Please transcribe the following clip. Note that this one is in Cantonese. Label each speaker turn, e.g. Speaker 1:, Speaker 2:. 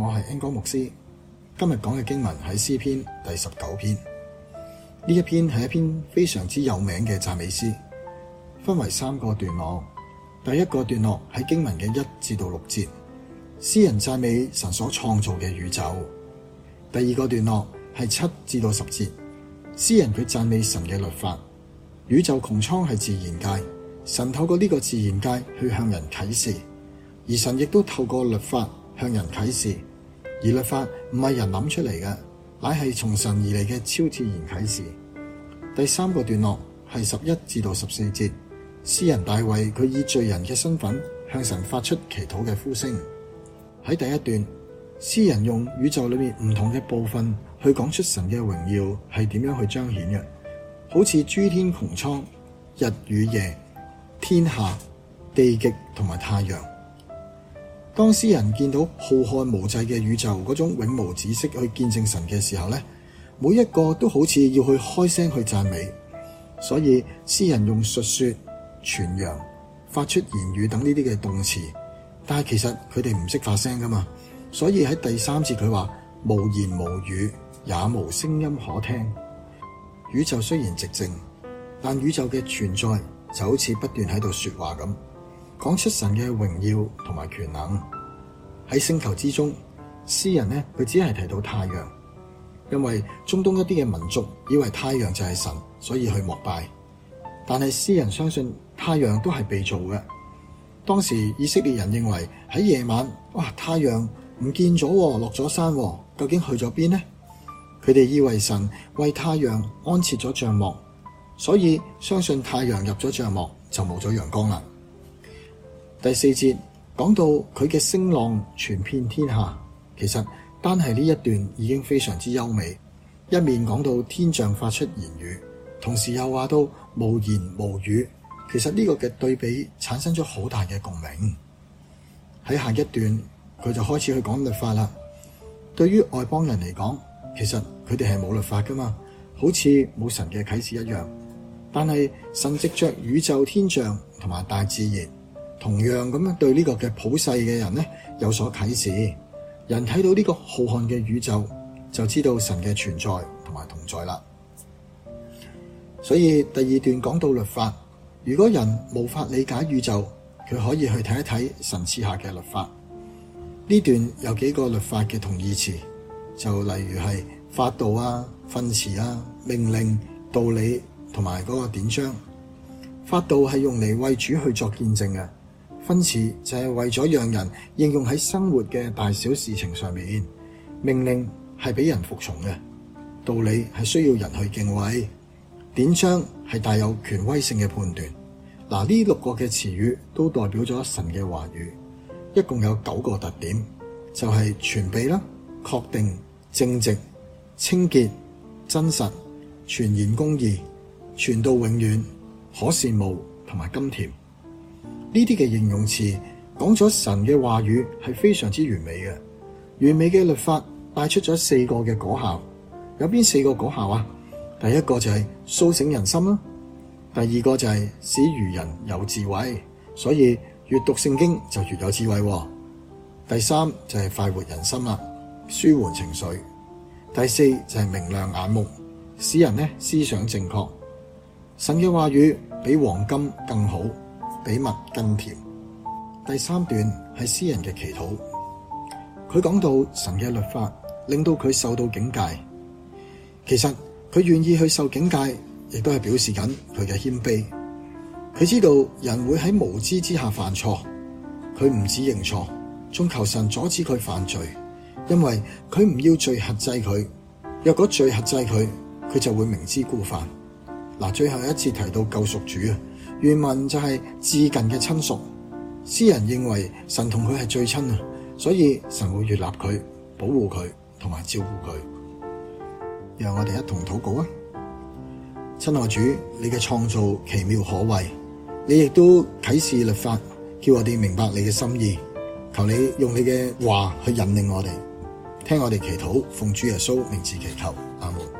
Speaker 1: 我係濠光牧師，今日講嘅經文喺詩篇第十九篇，呢一篇係一篇非常之有名嘅讚美詩，分為三個段落。第一個段落喺經文嘅一至到六節，詩人讚美神所創造嘅宇宙。第二個段落係七至到十節，詩人佢讚美神嘅律法。宇宙穹蒼係自然界，神透過呢個自然界去向人啟示，而神亦都透過律法向人啟示。而律法唔係人諗出嚟嘅，乃係從神而嚟嘅超自然啟示。第三個段落係十一至到十四節，詩人大衛佢以罪人嘅身份向神發出祈禱嘅呼聲。喺第一段，詩人用宇宙裏面唔同嘅部分去講出神嘅榮耀係點樣去彰顯嘅，好似諸天穹蒼、日與夜、天下地極同埋太陽。當詩人見到浩瀚無際嘅宇宙嗰種永無止息去見證神嘅時候呢，每一個都好似要去開聲去讚美，所以詩人用述說、傳揚、發出言語等呢啲嘅動詞，但係其實佢哋唔識發聲噶嘛，所以喺第三節佢話無言無語，也無聲音可聽。宇宙雖然寂靜，但宇宙嘅存在就好似不斷喺度說話咁。講出神嘅榮耀同埋權能。喺星球之中，詩人呢，佢只係提到太陽，因為中東一啲嘅民族以為太陽就係神，所以去膜拜。但係詩人相信太陽都係被造嘅。當時以色列人認為喺夜晚，哇，太陽唔見咗，落咗山，究竟去咗邊呢？佢哋以為神為太陽安設咗帳幕，所以相信太陽入咗帳幕就冇咗陽光啦。第四節講到佢嘅聲浪傳遍天下，其實單係呢一段已經非常之優美。一面講到天象發出言語，同時又話到無言無語。其實呢個嘅對比產生咗好大嘅共鳴。喺下一段佢就開始去講律法啦。對於外邦人嚟講，其實佢哋係冇律法㗎嘛，好似冇神嘅啟示一樣。但係神藉着宇宙天象同埋大自然。同樣咁樣對呢個嘅普世嘅人呢，有所啟示，人睇到呢個浩瀚嘅宇宙，就知道神嘅存在同埋同在啦。所以第二段講到律法，如果人無法理解宇宙，佢可以去睇一睇神賜下嘅律法。呢段有幾個律法嘅同義詞，就例如係法度啊、訓詞啊、命令、道理同埋嗰個典章。法度係用嚟為主去作見證嘅。訓詞就係為咗讓人應用喺生活嘅大小事情上面，命令係俾人服從嘅，道理係需要人去敬畏，典章係帶有權威性嘅判斷。嗱，呢六個嘅詞語都代表咗神嘅話語，一共有九個特點，就係全備啦、確定、正直、清潔、真實、全然公義、存到永遠、可羨慕同埋甘甜。呢啲嘅形容詞講咗神嘅話語係非常之完美嘅。完美嘅律法帶出咗四個嘅果效，有邊四個果效啊？第一個就係甦醒人心啦，第二個就係使愚人有智慧，所以越讀聖經就越有智慧。第三就係快活人心啦，舒緩情緒。第四就係明亮眼目，使人呢思想正確。神嘅話語比黃金更好。比蜜更甜。第三段係詩人嘅祈禱，佢講到神嘅律法令到佢受到警戒。其實佢願意去受警戒，亦都係表示緊佢嘅謙卑。佢知道人會喺無知之下犯錯，佢唔止認錯，仲求神阻止佢犯罪，因為佢唔要罪轄制佢。若果罪轄制佢，佢就會明知故犯。嗱，最後一次提到救贖主啊。原文就係至近嘅親屬，詩人認為神同佢係最親啊，所以神會悅納佢，保護佢，同埋照顧佢，讓我哋一同禱告啊！親愛主，你嘅創造奇妙可畏，你亦都啟示律法，叫我哋明白你嘅心意，求你用你嘅話去引領我哋，聽我哋祈禱，奉主耶穌名字祈求，阿門。